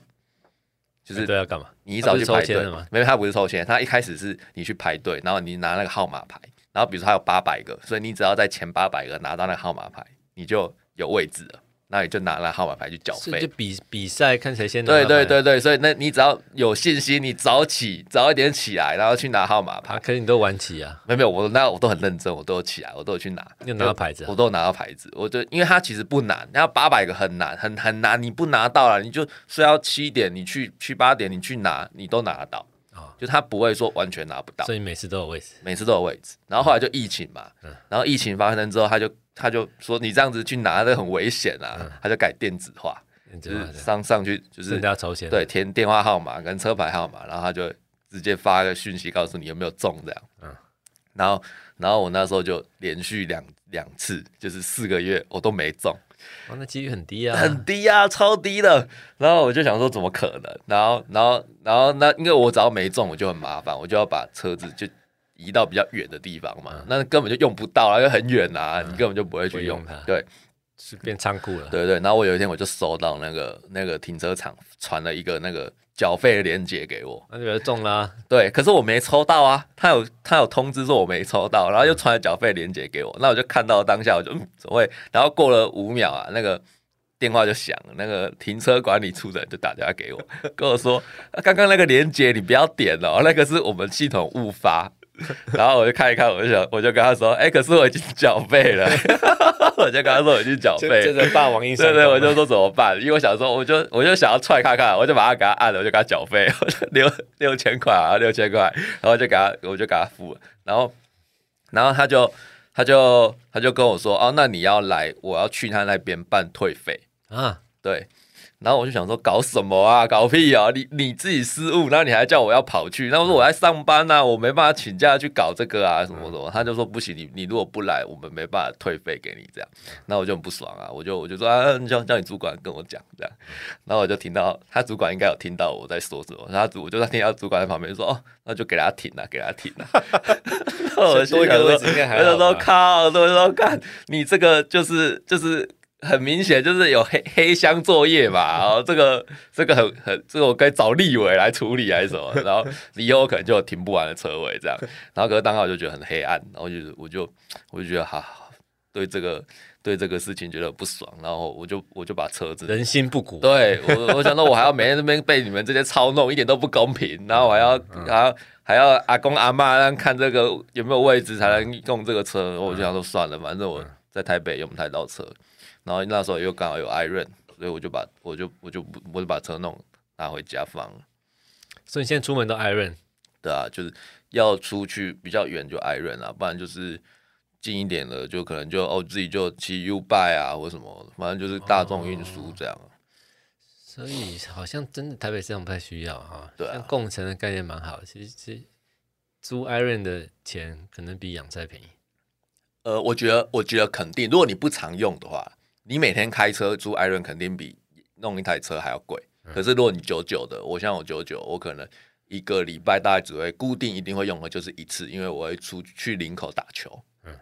就是對，要幹嘛？你一早去排隊、哎、嘛是的嗎？沒有，他不是抽籤，他一開始是你去排隊，然後你拿那個號碼牌，然後比如說他有八百個，所以你只要在前八百個拿到那個號碼牌，你就有位置了。那你就拿那號碼牌去繳費，就比比賽看誰先拿到。對對對對，所以那你只要有信心，你早起早一點起來，然後去拿號碼牌。啊、可是你都晚起啊？沒有沒有，我那我都很認真，我都有起來，我都有去拿。你拿到牌子、啊我？我都有拿到牌子。我就因為它其實不難，那八百個很難、很很難，你不拿到了，你就睡到七點你去，去八點你去拿，你都拿得到啊、哦。就他不會說完全拿不到，所以每次都有位置，每次都有位置。然後後來就疫情嘛，嗯、然後疫情發生之後，他就。他就說：“你這樣子去拿的很危險啊、嗯！”他就改電子化，嗯、電子化就是上上去就是對，填電話號碼跟車牌號碼，然後他就直接發個訊息告訴你有沒有中這樣。嗯，然後然後我那時候就連續兩兩次，就是四個月我都沒中。哇，那幾率很低啊，很低啊，超低的。然後我就想說，怎麼可能？然後然後然後那因為我只要沒中，我就很麻煩，我就要把車子就。移到比較遠的地方嘛、嗯，那根本就用不到啊，又很遠啊、嗯，你根本就不會去用，用它。對，是變倉庫了。對，對對。然後我有一天我就收到那個那個停車場傳了一個那個繳費的鏈接給我，那就中啦，啊。對，可是我沒抽到啊，他有他有通知說我沒抽到，然後又傳了繳費鏈接給我，那、嗯、我就看到當下我就、嗯、怎麼會？然後過了五秒啊，那個電話就響，那個停車管理處的人就打電話給我， 跟我說剛剛那個鏈接你不要點哦，喔，那個是我們系統誤發。 然後我就看一看，我就想，我就跟他說：“哎、欸，可是我已經繳費了。 ” 我就跟他說：“ 我已經繳費。 現在霸王硬上弓。對對，我就說怎麼辦？因為我想說，我就我就想要踹看看，我就把他給他按了，我就給他繳費六六千塊啊，六千塊，然後就給他，我就給他付。然後，然後他就他就他就跟我說：“哦，那你要來，我要去他那邊辦退費啊。”對。然後我就想說，搞什麼啊？搞屁啊！你你自己失誤，然後你還叫我要跑去？那我說我在上班呢、啊，我沒辦法請假去搞這個啊，什麼什麼？他就說不行，你你如果不來，我們沒辦法退費給你這樣。那我就很不爽啊，我就我就說啊，你叫叫你主管跟我講這樣。然後我就聽到他主管應該有聽到我在說什麼，他主我就聽到主管在旁邊說哦，那就給他停了、啊，給他停了、啊。哈哈我哈哈。多一個位置應該還好。我說靠，他說幹，你這個就是就是。很明顯就是有黑黑箱作業嘛，然後這個這個很很這個我該找立委來處理還是什麼，然後以後可能就有停不完的車位這樣，然後可是當時我就覺得很黑暗，然後就我就我就覺得哈、啊，對這個對這個事情覺得不爽，然後我就我就把車子人心不古，對我我想說，我還要每天這邊被你們這些操弄， 一點都不公平，然後我還要、嗯嗯、還要還要阿公阿嬤讓看這個有沒有位置才能用這個車，我就想說算了，反正我在台北用不太到車。然後那時候又剛好有艾潤，所以我就把我就我就我就把車弄拿回家放。所以你現在出門都艾潤？對啊，就是要出去比較遠就艾潤啊，不然就是近一點的就可能就哦自己就騎 U bike 啊或什麼，反正就是大眾運輸這樣。哦、所以好像真的台北市場不太需要哈，但共乘的概念蠻好。其實是租艾潤的錢可能比養車便宜。呃，我覺得我覺得肯定，如果你不常用的話。你每天開車租艾倫，肯定比弄一台車還要貴。可是，如果你久久的，我像我久久，我可能一個禮拜大概只會固定一定會用的，就是一次，因為我會出去林口打球。嗯，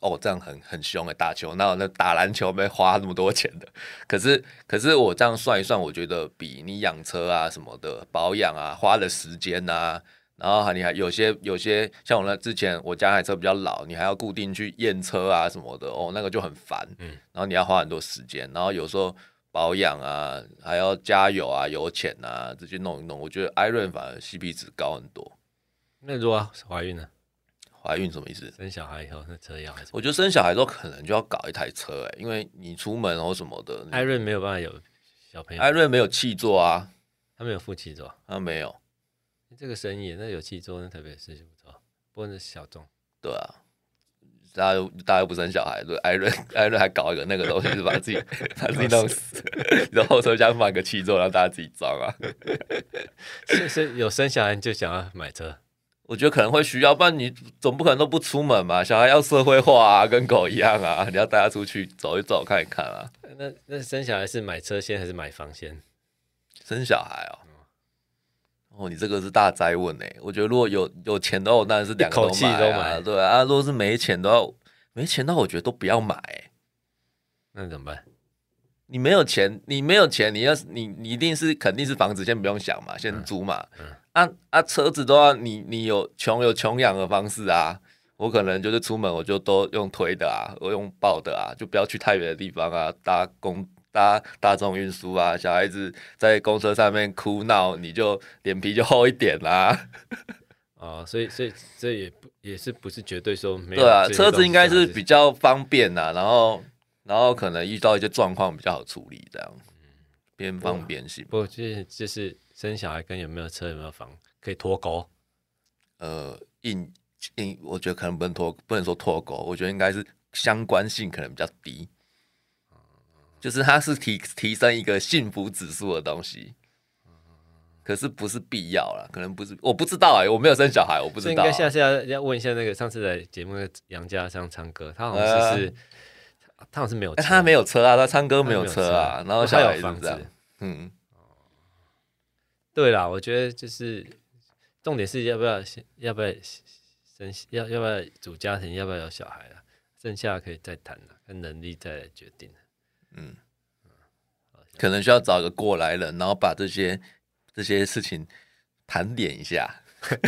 哦，這樣很很凶的打球。那那打籃球沒花那麼多錢的。可是，可是我這樣算一算，我覺得比你養車啊什麼的保養啊，花的時間啊。然後你還有些有些像我，那之前我家那車比較老，你還要固定去驗車啊什麼的哦，那個就很煩、嗯。然後你要花很多時間，然後有時候保養啊，還要加油啊、油錢啊這些弄一弄。我覺得艾瑞反而 CP 值高很多。那如果懷孕呢、啊？懷孕什麼意思？生小孩以後那車要還，我覺得生小孩之後可能就要搞一台車哎、欸，因為你出門或、哦、什麼的，艾瑞沒有辦法有小朋友。艾瑞沒有汽座啊，他沒有副汽座、啊。他沒有。這個生意，那個、有七座那個、特別事情不錯，不過是小眾。對啊，大家大家又不生小孩，對艾倫艾倫還搞一個那個東西，是 把自己把自己弄死，然 後說想買個七座讓大家自己裝啊。是 是，所以有生小孩你就想要買車， 我覺得可能會需要，不然你總不可能都不出門吧？小孩要，要社會化啊，跟狗一樣啊，你要帶他出去走一走，看一看啊。那那生小孩是買車先還是買房先？生小孩哦。哦，你這個是大哉問呢、欸。我覺得如果有有錢的話，當然是兩個都買啊，一口氣都買，對啊，如果是沒錢的話，沒錢那我覺得都不要買、欸，那怎麼辦？你沒有錢，你沒有錢，你要是你你一定是肯定是房子先不用想嘛，先租嘛。嗯嗯、啊啊，車子的話，你你有窮有窮養的方式啊，我可能就是出門我就都用推的啊，我用抱的啊，就不要去太遠的地方啊，搭公。大，大眾運輸啊，小孩子在公車上面哭鬧，你就臉皮就厚一點啦、啊。 哦，所以所以這也不也是不是絕對說沒有對啊，車子應該是比較方便啦、啊、然後然後可能遇到一些狀況比較好處理這樣。嗯，邊方邊洗。不，就是就是生小孩跟有沒有車有沒有房可以脫鈎？呃，應應我覺得可能不能脫，不能說脫鈎，我覺得應該是相關性可能比較低。就是他是提提升一個幸福指數的東西，可是不是必要啦，可能不是，我不知道哎、啊，我沒有生小孩，我不知道、啊。應該下次要要問一下那個上次來節目的楊家昌唱歌，他好像是，是、呃、他好像是沒有、欸，他沒有車啊，他唱歌沒有車啊，他沒有車啊，然後他、哦、有房子。嗯，對啦，我覺得就是重點是要不要生，要不要生，要要不要組家庭，要不要有小孩啊？剩下可以再談了、啊，看能力再決定。嗯，可能需要找個過來人，然後把這些這些事情盤點一下，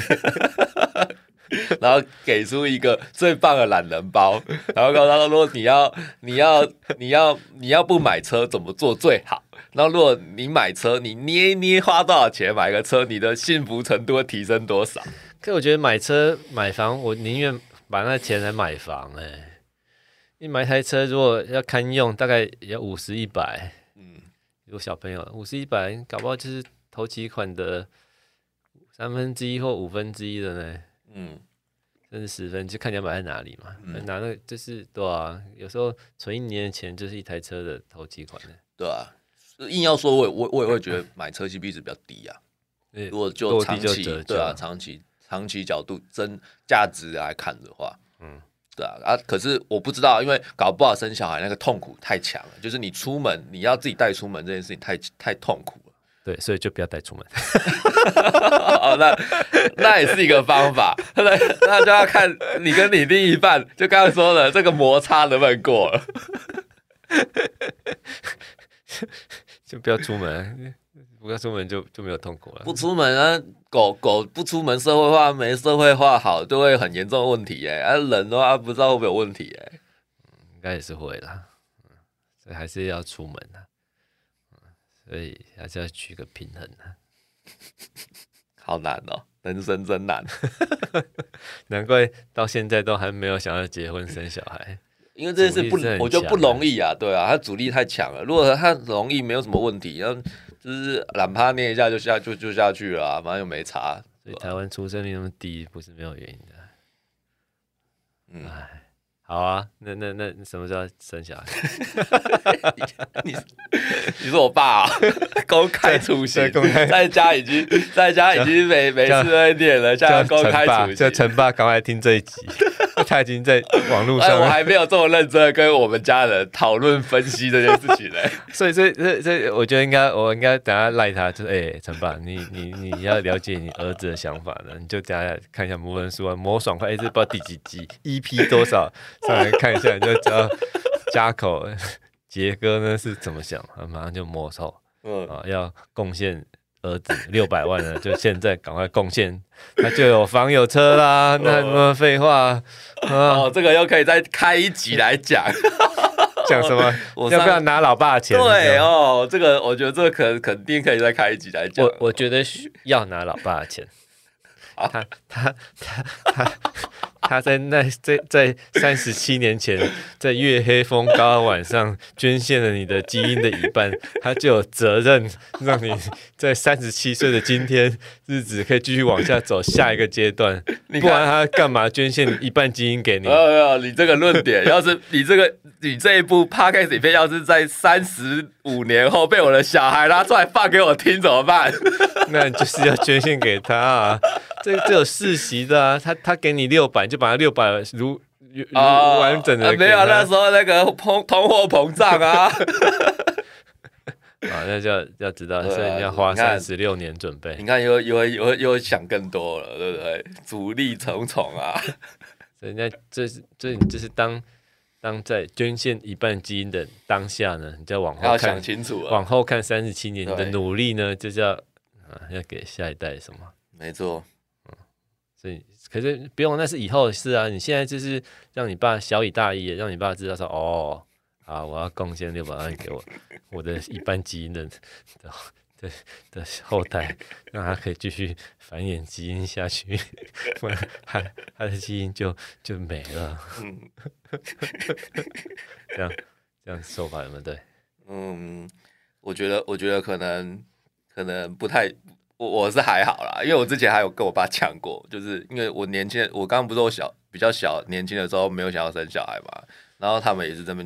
然後給出一個最棒的懶人包。然後告訴他，說如果你要，你要，你要，你要不買車怎麼做最好？那如果你買車，你捏一捏花多少錢買個車，你的幸福程度會提升多少？可我覺得買車買房，我寧願把那錢來買房哎、欸。你買台車，如果要堪用，大概也要五十一百。嗯，有小朋友五十一百，100, 搞不好就是頭期款的三分之一或五分之一的呢。嗯，甚至十分就看你要買在哪裡嘛。嗯，拿那個就是對啊。有時候存一年的錢，就是一台車的頭期款的，對啊，硬要說我我我也會覺得買車 CP 值比較低啊、嗯。如果就長期對啊長期長期角度增價值來看的話，嗯。對啊，啊，可是我不知道，因為搞不好生小孩那個痛苦太強了，就是你出門你要自己帶出門這件事情太太痛苦了。對，所以就不要帶出門。 哦，那那也是一個方法。那那就要看你跟你另一半，就剛剛說的這個摩擦能不能過了， 就不要出門。不，不要出門就就沒有痛苦了。不出門啊，狗狗不出門，社會化沒社會化好，就會很嚴重的問題哎、欸。啊，人的話不知道會不會有問題哎、欸。嗯，應該也是會啦。嗯，所以還是要出門的。嗯，所以還是要取個平衡的、啊。 好難哦、喔，人生真難。 難怪到現在都還沒有想要結婚生小孩。 因為這件事不，我覺得不容易啊，對啊，他阻力太強了。如果他容易，沒有什麼問題，然 後就是懶趴捏一下就下就就下去了啊，反正又沒差，所以台灣出生率那麼低，不是沒有原因的。嗯，好啊，那那那什麼時候要生小孩？ 你你是我爸，哦，啊，公開處刑。 在家已經在家已經每每次在念了，現在公開處刑。陳爸趕快聽這一集， 因為他已經在網絡上，哎。我還沒有這麼認真跟我們家人討論分析這件事情呢，欸。 所以所以所以所以我覺得應該我應該等下賴他，就是哎，陳，欸，爸，你你你要了解你兒子的想法了，你就等下看一下魔文書啊，魔爽快，一，欸，這不知道第幾集，EP 多少。 上來看一下，你就知道家口杰哥呢是怎麼想，馬上就摸透。嗯啊，要貢獻兒子六百萬呢，就現在趕快貢獻，那就有房有車啦。那麼廢話啊，這個又可以再開一集來講，講什麼？要不要拿老爸的錢？對哦，這個我覺得這個可肯定可以再開一集來講。我覺得要拿老爸的錢，他他他他，他。 他在那在在三十七年前，在月黑風高晚上捐獻了你的基因的一半，他就有責任讓你在三十七歲的今天日子可以繼續往下走，下一個階段你。不然他幹嘛捐獻一半基因給你？沒有、哦哦哦，你這個論點，要是你這個你這一部 podcast 裡面，要是在三十五年後被我的小孩拉出來放給我聽怎麼辦？那你就是要捐獻給他、啊，這這有世襲的啊，他他給你六百。就把他六百如如、哦、完整的沒有那時候那個通通貨膨脹啊， 啊，那就要知道、啊，所以你要花三十六年準備，你看，你看又又又又想更多了，對不對？阻力重重啊！ 所以那這是這這是當當在捐獻一半基因的當下呢，你就要往後看往後看三十七年你的努力呢，就是、要、啊要給下一代什麼？沒錯。可是不用，那是以後的事啊！你現在就是讓你爸曉以大義，讓你爸知道說哦，啊，我要貢獻六百萬給我我的一般基因的 的的，的後代，讓他可以繼續繁衍基因下去，不 然 他，他的基因就就沒了。嗯， 這樣這樣說法有沒對？嗯，我覺得我覺得可能可能不太。我我是還好啦，因為我之前還有跟我爸講過，就是因為我年輕，我剛剛不是我小比較小年輕的時候沒有想要生小孩嘛，然後他們也是這麼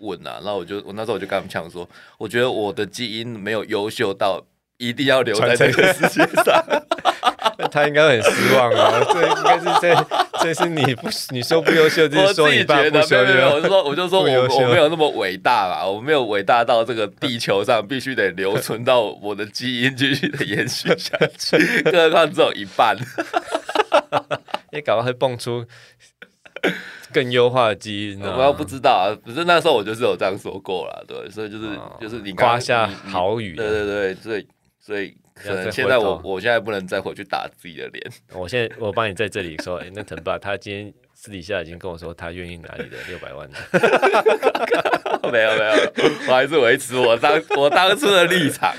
問啦、啊，然後我就我那時候我就跟他們講說，我覺得我的基因沒有優秀到一定要留在這個世界上。 那 他應該很失望啊！這 應該是這 這是你不是你說不優秀，這是說一半的。優秀。 我，我就說我就說我 我沒有那麼偉大吧，我沒有偉大到這個地球上必須得留存到我的基因繼 續的延續下去。更何況只有一半，因 為 搞不好還蹦出更優化的基因，我 要、嗯嗯嗯嗯、不知道啊。可是那時候我就是有這樣說過了，對，所以就是、嗯、就是你誇下好雨，對對對，所以所以。現在我我現在不能再回去打自己的臉。 我現在我幫你在這裡說，哎、欸，那騰爸他今天私底下已經跟我說他，他願意拿你的六百萬。 沒有沒有，我還是維持我當我當初的立場。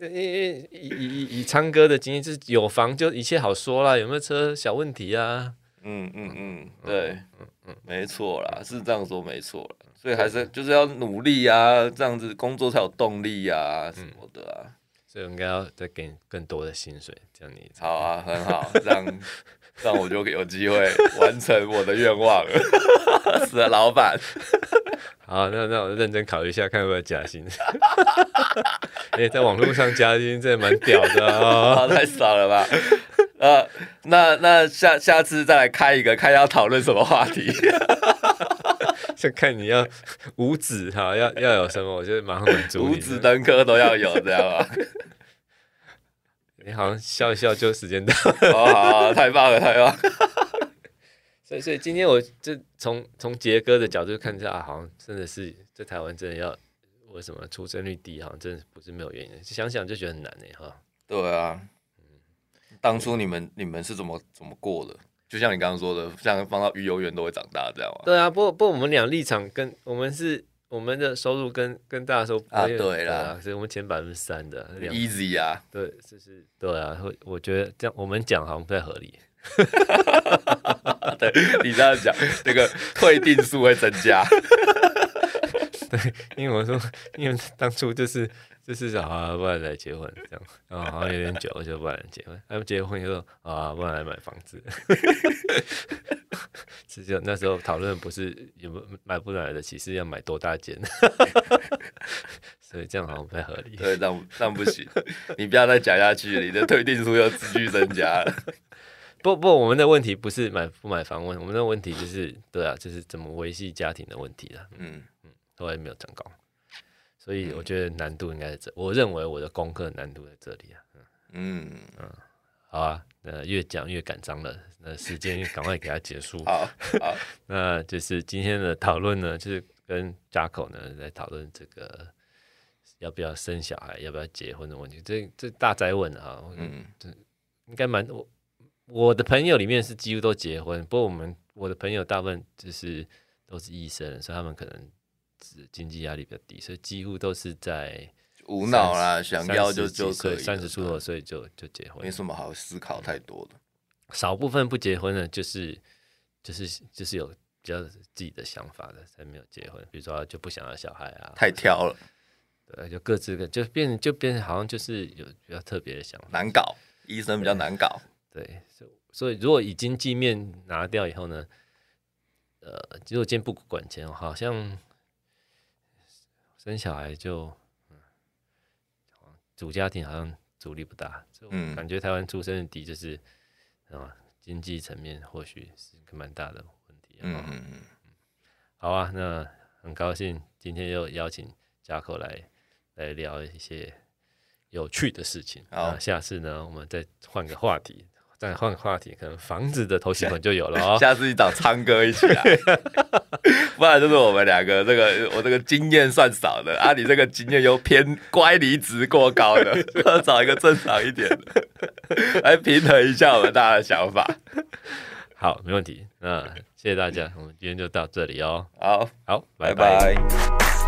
因 為 以以，以，以昌哥的經驗，就是有房就一切好說啦，有沒有車小問題啊？嗯嗯嗯，對，嗯嗯，沒錯啦、嗯，是這樣說，沒錯啦。所以還是就是要努力啊，嗯、這樣子工作才有動力啊、嗯、什麼的啊。就應該要再給你更多的薪水，這樣你。好啊，很好，這樣 這樣我就有機會完成我的願望了， 死了老闆。好，那那我認真考慮一下，看要不要加薪。哎、 欸，在網絡上加薪真的蠻屌的啊、哦，太少了吧？ 呃，那那下下次再來開一個，看一下要討論什麼話題。 就看你要五子哈，要要有什麼，我就馬上滿足你五子登科都要有，這樣吧、啊？ 你好像笑一笑就時間到、哦好，好，太棒了，太棒了。 所以，所以今天我就從從傑哥的角度看一下、啊，好像真的是在台灣，真的要為什麼出生率低，好像真的是不是沒有原因。想想就覺得很難哎、欸，哈。對啊，嗯，當初你們你們是怎麼怎麼過的？就像你剛剛說的，像放到育幼院都會長大，這樣啊，對啊，不不我們倆立場跟我們是我們的收入跟跟大家收入啊，對，對啦，所以我們前百分之三的，easy 啊，對，就是，是對啊，我我覺得這樣我們講好像不太合理。 對，你這樣講，這、那個退訂數會增加。 對，因為我說，因為當初就是。就是說啊，不然來結婚這樣子，哦，好像有點久，就不來結婚。他們結婚以後啊，不然來買房子。 是這樣，那時候討論不是有買不買得起，其實要買多大間？哈哈哈。所以這樣好像不太合理。對，這樣這樣不行， 你不要再講下去了，你的退訂數要持續增加了。 不不，我們的問題不是買不買房問，我們的問題就是對啊，就是怎麼維繫家庭的問題了。嗯嗯，都還沒有長高。所以我覺得難度應該在這，我認為我的功課難度在這裡啊、嗯。嗯，嗯嗯好啊，那越講越緊張了，那時間趕快給他結束。 好 那就是今天的討論呢，就是跟傑哥呢在討論這個要不要生小孩、要不要結婚的問題。這這大哉問啊，嗯，這應該蠻多。我的朋友裡面是幾乎都結婚，不過我們我的朋友大部分就是都是醫生，所以他們可能。是經濟壓力比較低，所以幾乎都是在30，無腦啦，想要就就可以三十出頭，所以就就結婚，沒什麼好思考太多的，嗯。少部分不結婚的，就是，就是就是就是有比較自己的想法的，才沒有結婚。比如說就不想要小孩啊，太挑了，對，就各自各就變就變成好像就是有比較特別的想法，難搞，醫生比較難搞，對，對。所以如果以經濟面拿掉以後呢，呃，如果今天不管錢，好像。生小孩就，嗯，組家庭好像阻力不大，就感覺台灣出生的底就是、嗯，啊，經濟層面或許是個蠻大的問題。哦、嗯嗯，好啊，那很高興今天又邀請傑哥來來聊一些有趣的事情。好，下次呢，我們再換個話題。 再換個話題，可能房子的偷襲粉就有了哦。下次你找昌哥一起來、啊、 不然就是我們兩個,、這個，這個我這個經驗算少的啊，你這個經驗又偏乖離值過高的， 要找一個正常一點的 來平衡一下我們大家的想法。 好，沒問題，嗯，謝謝大家，我們今天就到這裡哦。好，好，拜拜。拜拜